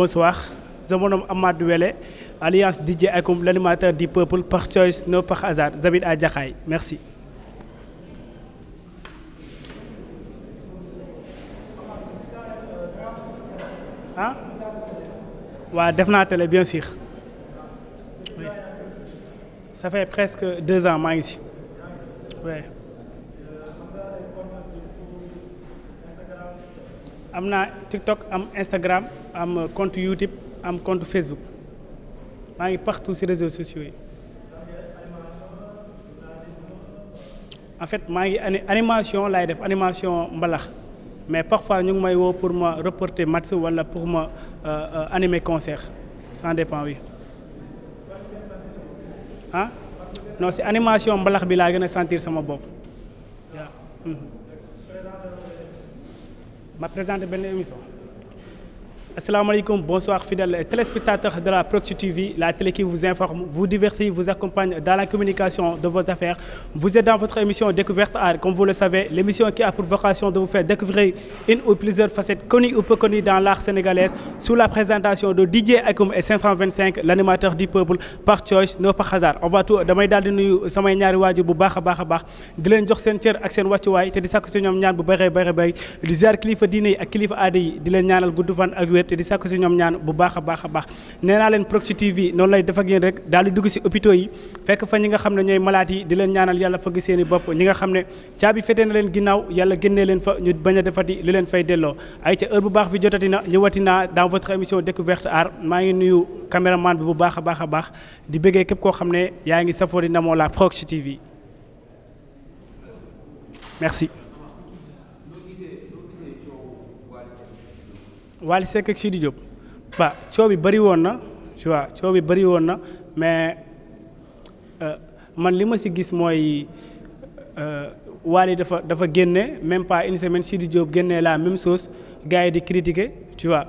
Bonsoir, je m'appelle Ahmad Wele, alliance DJ Akoum, l'animateur du peuple par choice, non par hasard, Zabid Adjakai. Merci. Hein? Ouais, bien sûr. Ça fait presque deux ans, moi, ici. Ouais. am TikTok am Instagram am compte YouTube am compte Facebook maa ngi partout les réseaux sociaux en fait maa ngi animation laay def animation mbalax mais parfois ñu ngi may woo pour ma reporter match wala pour ma euh, euh, animer concert ça dépend oui ah non c'est animation mbalax bi laa gën a sentir sama bopp waaw mm-hmm. ma présenté benn émission Assalamu alaikum, bonsoir fidèles téléspectateurs de la Proxy TV, la télé qui vous informe, vous divertit, vous accompagne dans la communication de vos affaires. Vous êtes dans votre émission Découverte Art, comme vous le savez, l'émission qui a pour vocation de vous faire découvrir une ou plusieurs facettes connues ou peu connues dans l'art sénégalais sous la présentation de DJ Akoum et 525, l'animateur du peuple, par choice, non par hasard. On va tout, wér te di sàkku si ñoom ñaan bu baaxa baaxa baax a len nee TV non lay def ak yeen rek dal di dugg si hôpitaux yi fekk fa ñi nga xam ne ñooy yi di len ñaanal yalla fëgg seen i bopp ñi nga xam ne caabi na len ginnaw yalla genné len fa ñu baña defati li len fay delloo ay ca heure bu baax bi jotati na ñu watina dans votre émission découverte art ma ngi nuyu caméraman bi bu baaxa baaxa baax di bëggee kep ko xam ne yaa ngi safoo la Proxi TV merci Wally Seck ak Sidi Diop ba coow bi bëri woon na tu vois coow bi bëri woon na mais euh, man li ci gis moy euh Wally dafa dafa genné même pas une semaine Sidi Diop genné la même chose gars yi di critiquer tu vois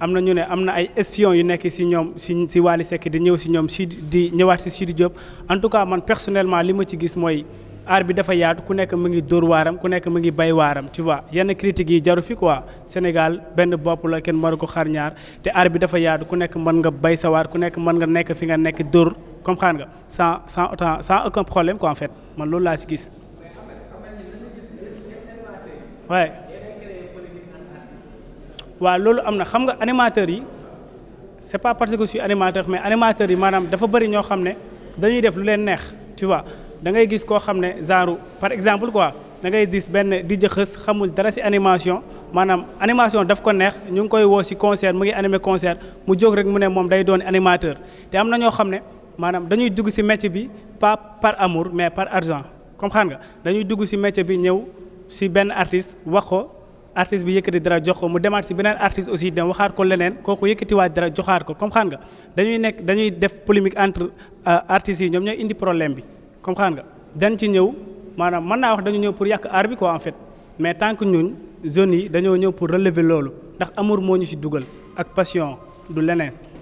amna ñu né amna ay espion yu nekk ci ñom ci si Wally Seck di ñëw ci ñom si di ñëwaat ci Sidi Diop en tout cas man personnellement li ci gis moy art bi dafa yaatu ku nekk mu ngi dóor waaram ku nekk mu ngi bay waaram tu vois yenn critiques yi jaru fi quoi Sénégal benn bopp la kenn maru ko xar ñaar te art bi dafa yaatu ku nekk mën nga bay sa waar ku nekk mën nga nekk fi nga nekk dóor comme xaar nga sans sans autant sans aucun problème quoi en man loolu laa si gis. waaye waaw loolu am na xam nga animateurs yi c'est pas parce que je suis animateur mais animateur yi maanaam dafa bari ñoo xam ne dañuy def lu leen neex tu da ngay gis koo xam ne genre par exemple quoi da ngay gis benn DJ Xeuss xamul dara ci animation maanaam animation daf ko neex ñu ngi koy woo ci concert mu ngi animé concert mu jóg rek mu ne moom day doon animateur te am na ñoo xam ne maanaam dañuy dugg ci métier bi pas par amour mais par argent comme xam nga dañuy dugg ci métier bi ñëw ci benn artiste wax ko artiste bi yëkkati dara jox ko mu demaat ci beneen artiste aussi dem waxaat ko leneen kooku yëkkatiwaat dara joxaat ko comme nga dañuy nekk dañuy def entre euh, artistes yi ñoom ñooy indi problème bi. comprendre nga dañ ci ñëw maanaam mën naa wax dañu ñëw pour yàq aar bi quoi en fait mais tant que ñun jeunes yi dañoo ñëw pour relever loolu ndax amour moo ñu si dugal ak passion du leneen.